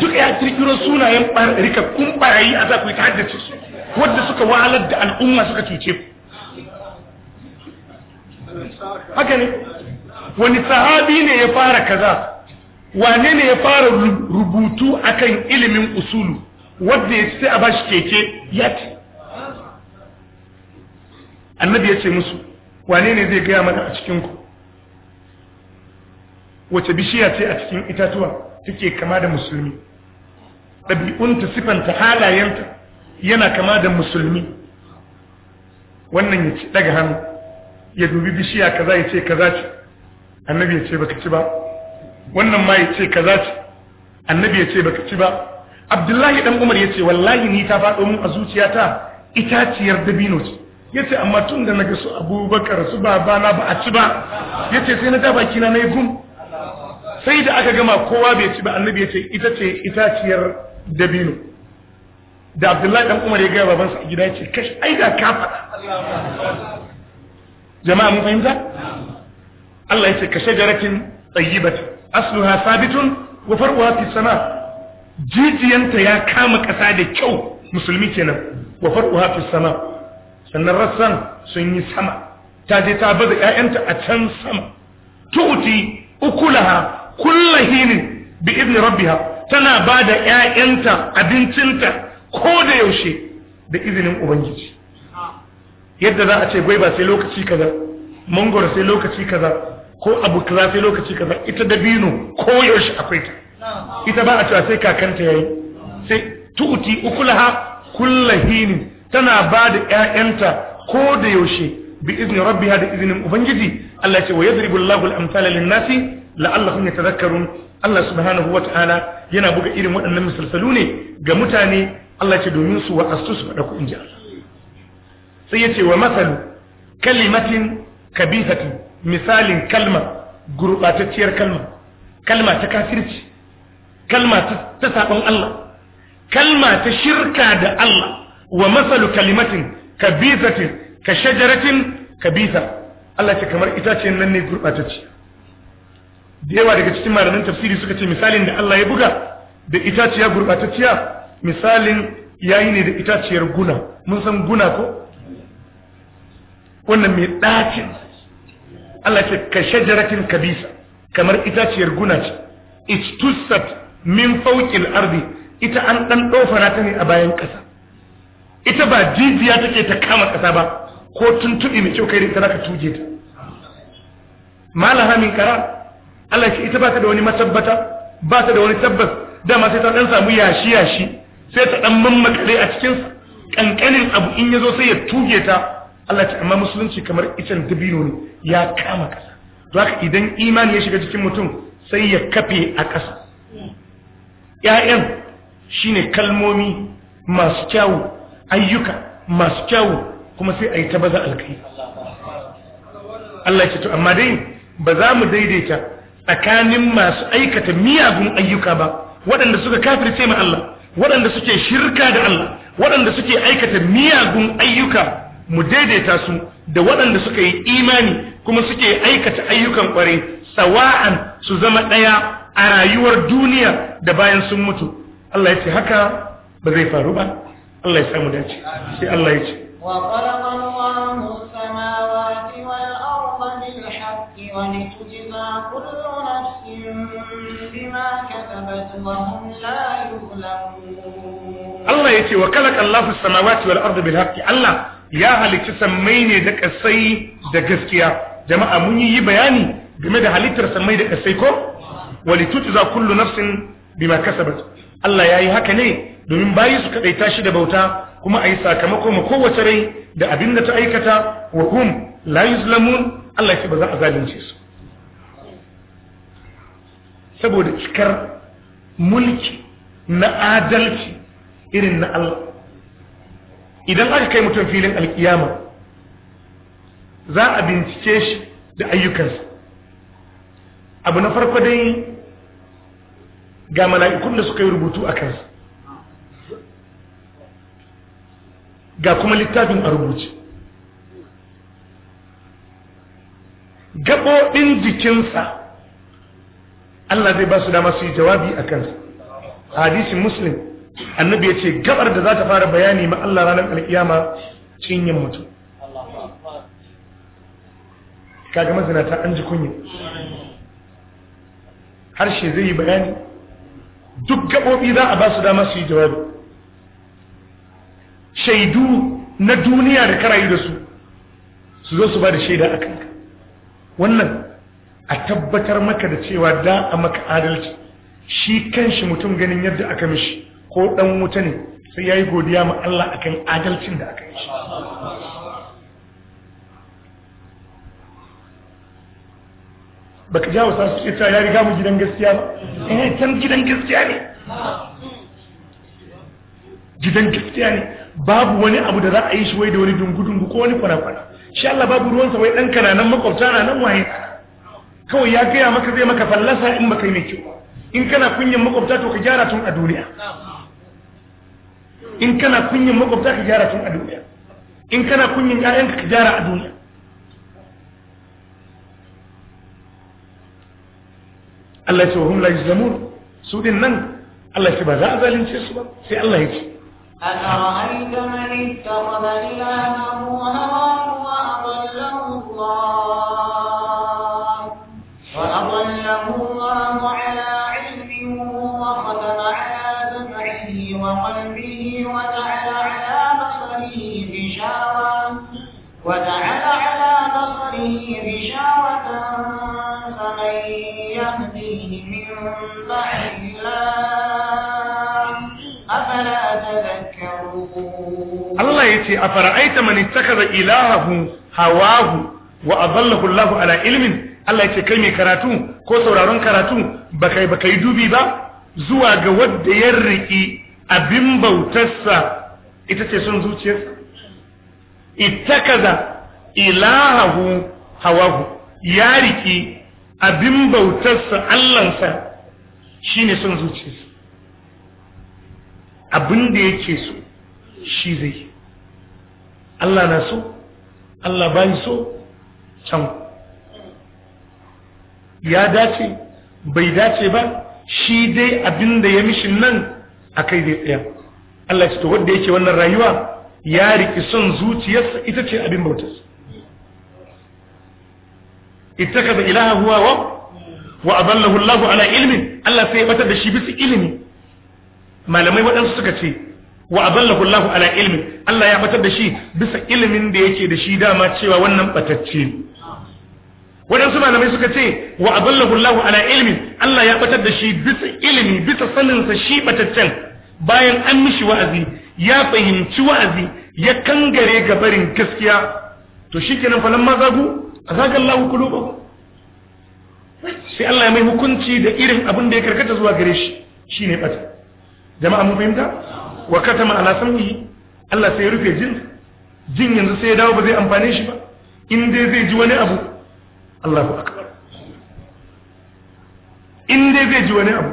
duka ya kirkiro sunayen rikakkun barayi a za ku yi ta haddace su wadda suka wahalar da al'umma suka cuce ku haka ne wani sahabi ne ya fara kaza wane ne ya fara rubutu akan ilimin usulu wanda ya sai a bashi keke yati annabi ya ce musu wane ne zai gaya mana a cikinku wace bishiya ce a cikin itatuwa take kama da musulmi ɗabi'unta sifanta halayenta yana kama da musulmi wannan ya ci daga hannu ya dubi bishiya kaza ya ce kaza ce annabi ya ce baka ci ba wannan ma ya ce kaza ce annabi ya ce baka ci ba abdullahi dan umar ya ce wallahi ni ta faɗo mun a zuciyata itaciyar dabino ce ya ce amma tun da na su abubakar su babana ba a ci ba ya ce sai na da baki na yi gum sai da aka gama kowa bai ci ba annabi ya ce ita ce itaciyar dabino da abdullahi dan umar ya gaya babansa a gida ya ce kashi ai da ka faɗa jama'a mun fahimta Allah ya ce ka shajaratin tsayibat asluha sabitun wa farwa fi sama jijiyanta ya kama kasa da kyau musulmi kenan wa farwa fi sama sannan rassan sun yi sama ta je ta baza ƴaƴanta a can sama tu'ti ukulaha kullahinin bi idni rabbiha tana bada ƴaƴanta abincinta ko da yaushe da izinin ubangiji yadda za a ce gwaiba sai lokaci kaza mangoro sai lokaci kaza ko abu kaza sai lokaci kaza ita dabino ko yaushe akwai ta ita ba a cewa sai kakanta yayi sai tu'ti ukulaha kullahinin tana ba da ƴaƴanta ko da yaushe bi izni rabbiha da iznin ubangiji Allah ya ce wa yadribu Allahu al-amthala lin-nasi la'allahum yatadhakkarun Allah subhanahu ta'ala yana buga irin waɗannan misalsalu ne ga mutane Allah ya ce domin su wa'astu su faɗa ku inji Allah sai ya ce wa masalu kalimatin kabithati misalin kalma gurɓatacciyar kalma kalma ta kafirci kalma ta sabon Allah kalma ta shirka da Allah wa masalu kalimatin kabithatin ka shajaratin kabisa. Allah ce kamar itace nan ne gurbatacce da yawa daga cikin malaman tafsiri suka ce misalin da Allah ya buga da itaciya gurbatacciya misalin yayi ne da itaciyar guna mun san guna ko wannan mai ɗacin Allah ce ka shajaratin kabisa kamar itaciyar guna ce istussat min fawqil ardi ita an dan dofara ta ne a bayan ƙasa ita ba jijiya take ta kama ƙasa ba ko tuntubi mai kyau kai da ita ka tuje ta malahamin kara Allah ce ita ba ta da wani matabbata ba ta da wani tabbas dama sai ta ɗan samu yashi yashi sai ta ɗan mammakale a cikin ƙanƙanin abu in ya zo sai ya tuge ta Allah ce amma musulunci kamar icen dabino ne ya kama ƙasa, to haka idan imani ya shiga cikin mutum sai ya kafe a ƙasa. ƴaƴan shine kalmomi masu kyawu ayyuka masu kyawu kuma sai a yi ta baza alkai Allah ce to amma dai ba za mu daidaita tsakanin masu aikata miyagun ayyuka ba waɗanda suka kafirce ma Allah waɗanda suke shirka da Allah waɗanda suke aikata miyagun ayyuka mu daidaita su da waɗanda suka yi imani kuma suke aikata ayyukan ƙwarai sawa'an su zama ɗaya a rayuwar duniya da bayan sun mutu Allah ya ce haka ba zai faru ba Allah ya samu dace sai Allah ya ce وخلق الله السماوات والأرض بالحق ولتجزى كل نفس بما كسبت وهم لا يظلمون ya halicci sammai ne da kasai da gaskiya jama'a mun yi bayani game da halittar sammai da kasai ko za kullu nafsin bima kasabat Allah yayi haka ne domin bayi su kadaita shi da bauta kuma ayi sakamako ma kowace rai da abin da ta aikata wa hum la yuzlamun Allah ya ba za a zalunce su saboda cikar mulki na adalci irin na Allah idan aka kai mutum filin alkiyama za a bincike shi da ayyukansa abu na farko dai ga mala'ikun da suka yi rubutu a kansa ga kuma littafin a rubuce gaɓoɓin jikinsa Allah zai ba su dama su yi jawabi a kansa hadisin muslim annabi ya ce gabar da za ta fara bayani ma Allah ranar alkiyama cinyin mutum kaga mazinata an ji kunya harshe zai yi bayani duk gabobi za a ba su dama su yi jawabi shaidu na duniya da karayi da su su zo su ba da shaida a kanka wannan a tabbatar maka da cewa da a maka adalci shi kanshi mutum ganin yadda aka mishi ko dan wuta ne sai yi godiya ma Allah kan adalcin da aka yi shi ka jawo sa su ce ya riga mu gidan gaskiya ba eh can gidan gaskiya ne gidan gaskiya ne babu wani abu da za a yi shi wai da wani dungu-dungu ko wani kwana-kwana shi Allah babu ruwansa wai ɗan kananan makwabta na nan waye kawai ya gaya maka zai maka fallasa in baka yi mai kyau in kana kunyan makwabta to ka gyara tun a duniya إن كان كوني مقب تا خجارة الدنيا إن كان كوني نعين خجارة أدوية الله يسوه هم لا يزمون سود النن الله يسوه بذا أذى سي الله يسوه أترأيت من اتخذ إلهه هواه وأضله الله فأضله الله ce a fara'aita mani ittakhadha ilahahu hawahu wa adallahu Allah ala ilmin Allah ce kai mai karatu ko sauraron karatu baka baka yi dubi ba zuwa ga wanda ya riki abin bautarsa ita ce son zuciyarsa ittakhadha ilahahu hawahu ya riki abin bautarsa Allahnsa shine sun zuciyarsa abin da yake so shi zai Allah na so Allah bai so can ya dace bai dace ba shi dai abin da ya mishin nan a kai dai tsaya Allah ce to wanda yake wannan rayuwa ya riki son zuciyarsa ita ce abin bautarsa ittakaza ilaha huwa wa wa adallahu Allah ala ilmin Allah sai ya da shi bisa ilimi malamai waɗansu suka ce wa adallahu Allahu ala ilmi Allah ya batar da shi bisa ilimin da yake da shi dama cewa wannan batacce Wajen su malamai suka ce wa adallahu Allahu ala ilmi Allah ya batar da shi bisa ilimi bisa sanin sa shi bataccen bayan an mishi wa'azi ya fahimci wa'azi ya kangare ga barin gaskiya to shikenan fa lamma zagu azaga Allahu qulubahum sai Allah ya mai hukunci da irin abin da ya karkata zuwa gare shi shine bata jama'a mun fahimta wa katama ala sam'ihi Allah sai ya rufe jin jin yanzu sai ya dawo ba zai amfane shi ba in dai zai ji wani abu Allahu akbar in dai zai ji wani abu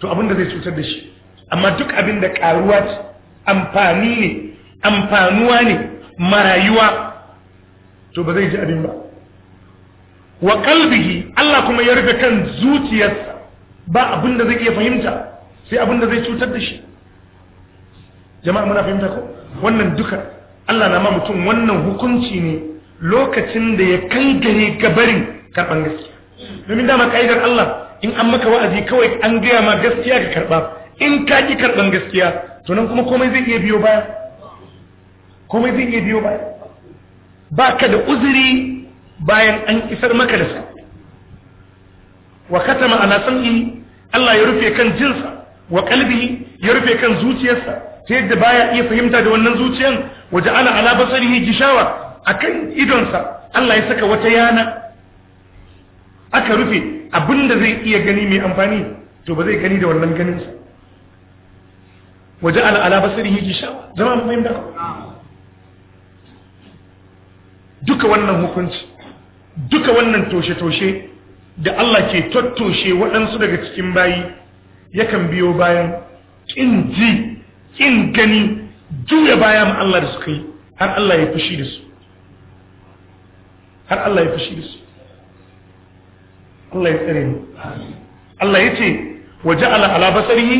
to abin da zai cutar da shi amma duk abin da karuwa ce amfani ne amfanuwa ne marayuwa to ba zai ji abin ba wa kalbihi Allah kuma ya rufe kan zuciyarsa ba abin da zai iya fahimta sai abin da zai cutar da shi jama'a muna fahimta ko wannan duka Allah na ma mutum wannan hukunci ne lokacin da ya gare gabarin karban gaskiya domin dama ka'idar Allah in an maka wa'azi kawai an gaya ma gaskiya ka karba in ka ki karban gaskiya to nan kuma komai zai iya biyo baya komai zai iya biyo baya baka da uzuri bayan an isar maka da sa wa katama ala sam'i Allah ya rufe kan jinsa wa kalbi ya rufe kan zuciyarsa ta yadda baya iya fahimta da wannan zuciyan waje ala ala basarihi gishawa akan idonsa Allah ya saka wata yana aka rufe abinda zai iya gani mai amfani to ba zai gani da wannan ganinsa waje ala ala basarihi gishawa zama mu fahimta duka wannan hukunci duka wannan toshe-toshe da Allah ke tottoshe waɗansu daga cikin bayi yakan biyo bayan ƙin ji kin gani juya baya ma Allah da suka yi har Allah ya fushi da su har Allah ya fushi da su Allah ya tsare ni. Allah ya ce wa ja'ala ala basarihi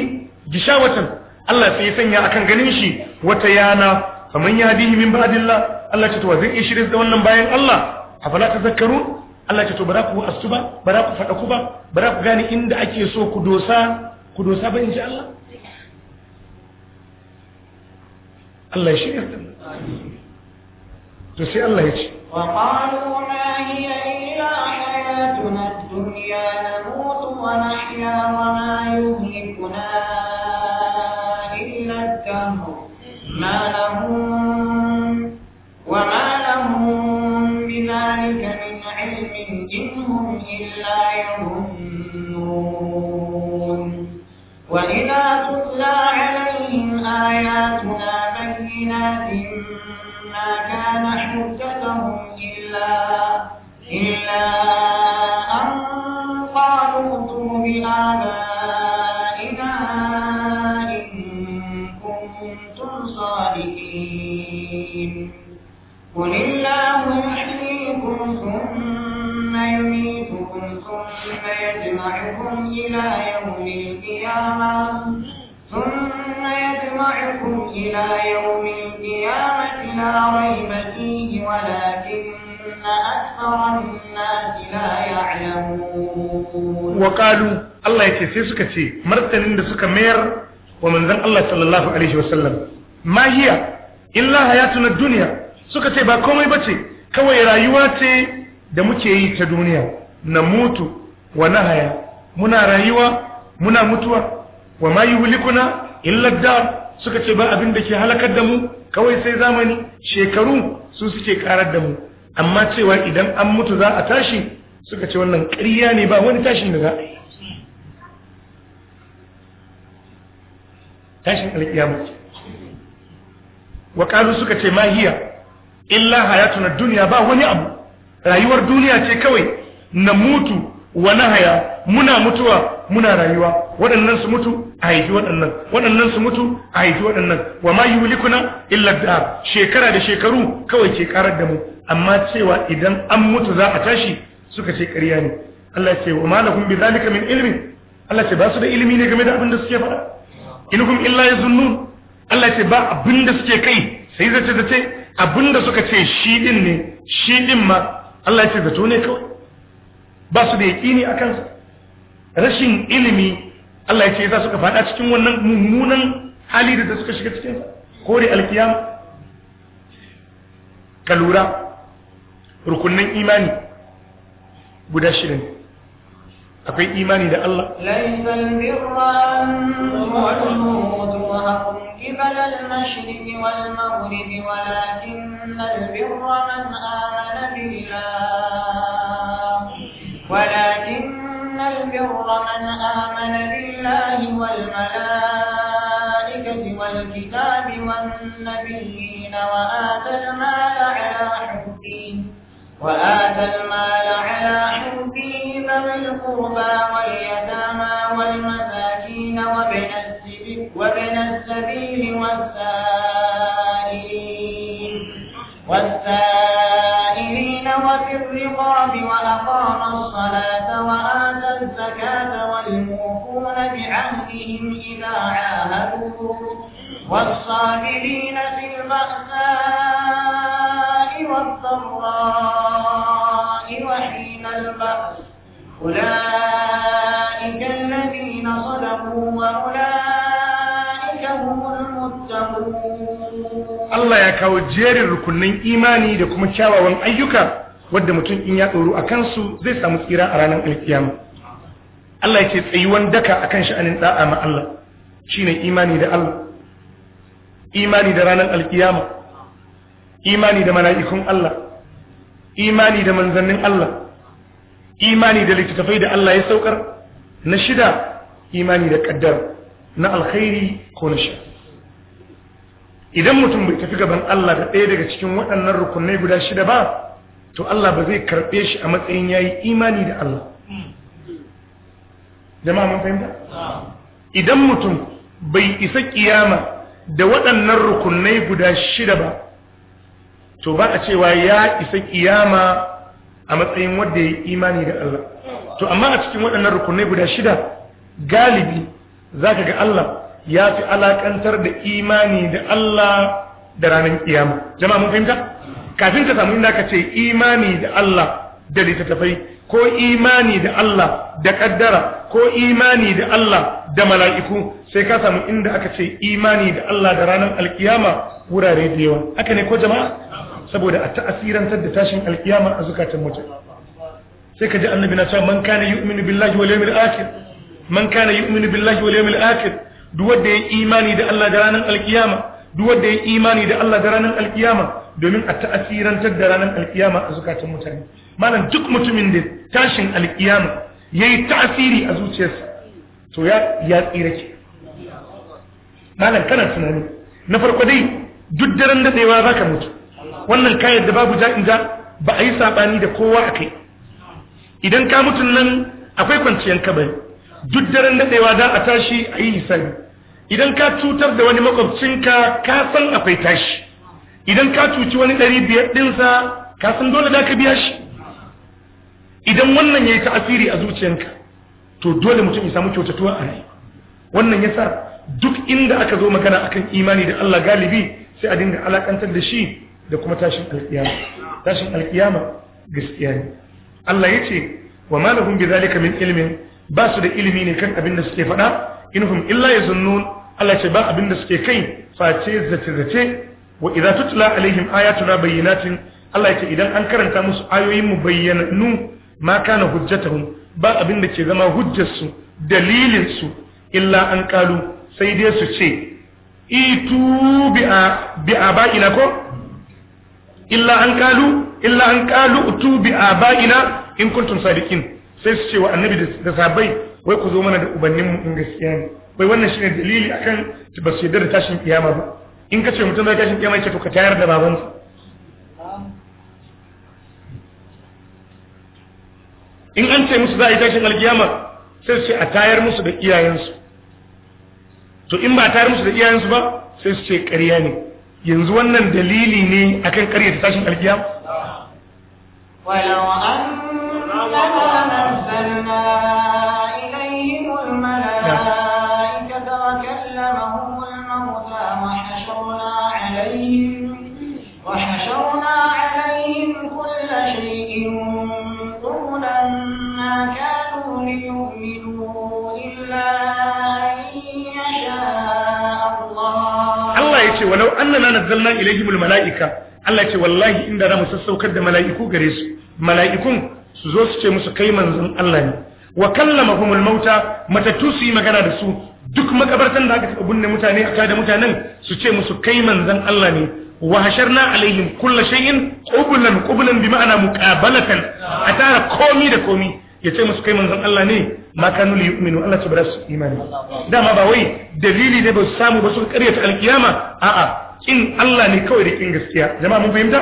gishawatan Allah sai ya sanya akan ganin shi wata yana faman yadihi min ba'dillah Allah ya ce to wa zai shirin da wannan bayan Allah afala tazakkarun Allah ya ce to ba za ku asu ba ba za ku faɗa ku ba ba za ku gane inda ake so ku dosa ku dosa ba in ji Allah الله يشي يهدم تسي الله يشي وقالوا ما هي إلا حياتنا الدنيا نموت ونحيا وما يهلكنا إلا الدهر ما لهم وما لهم بذلك من علم إنهم إلا يظنون وإذا تتلى عليهم آياتنا آياتنا ما كان حجتهم إلا, إلا أن قالوا ائتوا بآبائنا إن كنتم صادقين قل الله يحييكم ثم يميتكم ثم يجمعكم إلى يوم القيامة ثم ثم يجمعكم إلى يوم القيامة لا ريب فيه ولكن wa kalu Allah ya ce sai suka ce martanin da suka mayar wa manzan Allah sallallahu alaihi wa sallam ma hiya illa hayatuna duniya suka ce ba komai bace kawai rayuwa ce da muke yi ta duniya na mutu wa nahaya muna rayuwa muna mutuwa wa ma yuhlikuna illar da suka ce ba abin da ke halakar da mu kawai sai zamani shekaru su suke karar da mu amma cewa idan an mutu za a tashi suka ce wannan ƙarya ne ba wani tashin da za a yi tashin alƙiyama wa suka ce mahiya illa hayatuna duniya ba wani abu rayuwar duniya ce kawai na mutu wa na haya muna mutuwa muna rayuwa waɗannan su mutu a haifi waɗannan waɗannan su mutu a haifi waɗannan wa ma yulikuna illa da shekara da shekaru kawai ke karar da mu amma cewa idan an mutu za a tashi suka ce ƙarya ne Allah ce wa malakum bi zalika min ilmi Allah ce ba su da ilimi ne game da abin da suke faɗa inhum illa yazunnun Allah ce ba abin da suke kai sai zace zace abin da suka ce shi din ne shi din ma Allah ce zato ne kawai ba su da yaƙini akan rashin ilimi Allah ya ce za yasa suka fada cikin wannan mummunan hali da suka shiga cikin sa kore alkiyama ka lura rukunnan imani guda shirin akwai imani da Allah laysal birra an tu'tu قبل المشرق والمغرب ولكن البر من آمن بالله ولكن البر من آمن بالله بالله والملائكة والكتاب والنبيين وآتى المال على حبه وآتى المال على حبه ذوي القربى واليتامى والمساكين وابن السبيل, وابن السبيل والسائلين والسائلين وكسر في الرقاب وأقام الصلاة وآتى الزكاة والموفون بعهدهم إذا عاهدوا والصابرين في البأساء والضراء وحين البأس أولئك الذين صدقوا وأولئك هم المتقون الله ya kawo jerin rukunin imani da kuma kyawawan ayyuka wadda mutum in ya tsoro a kansu zai samu tsira a ranar alkiyama Allah ya ce tsayuwan daka akan sha'anin da'a ma Allah ne imani da Allah imani da ranar alkiyama imani da mala'ikun Allah imani da manzannin Allah imani da littattafai da Allah ya saukar na shida imani da kaddar na alkhairi ko na sha idan mutum bai tafi gaban Allah da ɗaya daga cikin waɗannan rukunai guda shida ba to Allah ba zai karɓe shi a matsayin yayi imani da Allah jama'a mun fahimta idan mutum bai isa kiyama da waɗannan rukunai guda shida ba to ba a cewa ya isa kiyama a matsayin wanda ya imani da Allah to amma a cikin waɗannan rukunai guda shida galibi zaka ga Allah ya fi alakantar da imani da Allah da ranar kiyama jama'a mun fahimta kafin ka samu inda ka ce imani da Allah da littattafai ko imani da Allah da kaddara ko imani da Allah da mala'iku sai ka samu inda aka ce imani da Allah da ranar alkiyama wurare da yawa Haka ne ko jama'a saboda a ta'asirantar da tashin alkiyama a zukatan mutum sai ka ji annabi na cewa man kana yu'minu billahi wal yawmil akhir man kana yu'minu billahi wal yawmil akhir duk wanda ya imani da Allah da ranar alkiyama duk wanda ya imani da Allah da ranar alkiyama domin a ta'asirantar da ranar alkiyama a zukatan mutane malam duk mutumin da tashin alkiyama yayi ta'asiri a zuciyarsa to ya ya tsira ke malam kana tunani na farko dai duk daren dadewa zaka mutu wannan kayan da babu ja'in ja ba a yi sabani da kowa a kai. idan ka mutun nan akwai kwanciyar kabari duk daren dadewa za a tashi a yi hisabi idan ka cutar da wani makwabcinka ka san akwai tashi idan ka cuci wani ɗari biyar ɗinsa ka san dole da ka biya shi idan wannan ya yi ta'asiri a zuciyanka to dole mutum ya samu kyautatuwa a rai wannan ya sa duk inda aka zo magana akan imani da Allah galibi sai a dinga alakantar da shi da kuma tashin alkiyama tashin alkiyama gaskiya ne Allah ya ce wa ma lahum bi zalika min ilmin ba su da ilimi ne kan abin da suke faɗa in hum illa yazunnun Allah ce ba abin da suke kai face zace zace wa idza tutla alaihim ayatuna bayyinatin Allah yake idan an karanta musu ayoyin mu bayyanannu ma kana hujjatuhum ba abin da ke zama hujjarsu dalilin su illa an kalu sai dai su ce itu bi a aba'ina ko illa an kalu illa an qalu tu bi aba'ina in kuntum sadiqin sai su ce wa annabi da sabai wai ku zo mana da ubannin mu in gaskiya ne wai wannan shine dalili akan ba su yarda da tashin kiyama ba in ka ce mutum zai tashin kiyama ce to ka tayar da babansa in an ce musu za a yi tashin alkiyama sai su ce a tayar musu da iyayensu to in ba a tayar musu da iyayensu ba sai su ce ƙarya ne yanzu wannan dalili ne akan ƙarya ta tashin alkiyama ولو أننا annana nazzalna ilayhimul malaika Allah ce wallahi inda da mu sassaukar da mala'iku gare su mala'ikun su zo su ce musu kai manzon Allah ne wa kallamahumul mauta matattu su yi magana da su duk makabartan da aka taɓa binne mutane a da mutanen su ce musu kai manzon Allah ne wa hasharna alaihim kullu shay'in qublan qublan bi ma'ana muqabalatan a tara komi da komi ya ce musu kai manzon Allah ne ma kanu li yu'minu Allah ta bar su imani dama ba wai dalili da ba su samu ba su karyata alkiyama a'a kin Allah ne kawai da kin gaskiya jama'a mun fahimta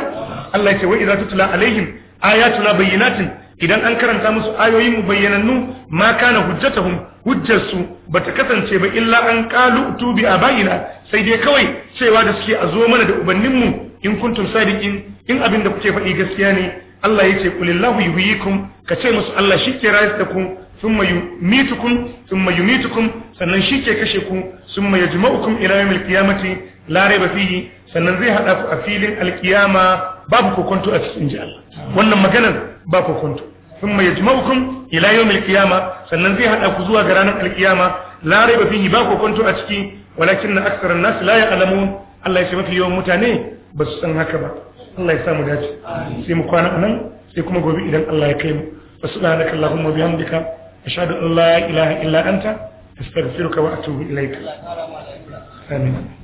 Allah ya ce wa idza tutla alaihim ayatuna bayyinatin idan an karanta musu ayoyin mu bayyanannu ma kana hujjar su bata kasance ba illa an qalu tubi abaina sai dai kawai cewa da suke a zo mana da ubannin mu in kuntum sadiqin in abin da kuke faɗi gaskiya ne Allah yace qulillahu yuhyikum ka ce musu Allah shi ke da ku thumma yumitukum thumma yumitukum sannan shi ke kashe ku thumma yajma'ukum ila yawmil qiyamati la raiba fihi sannan zai haɗa ku a filin alkiyama babu kokonto a cikin ji Allah wannan maganar ba kokonto thumma yajma'ukum ila yawm alqiyama sannan zai haɗa ku zuwa ga ranar alkiyama la raiba fihi ba kokonto a ciki walakin aksara nas la ya'lamun Allah ya ce mafi yawan mutane ba su san haka ba Allah ya samu dace sai mu kwana anan sai kuma gobe idan Allah ya kai mu subhanaka allahumma bihamdika ashhadu an la ilaha illa anta astaghfiruka wa atubu ilaik amin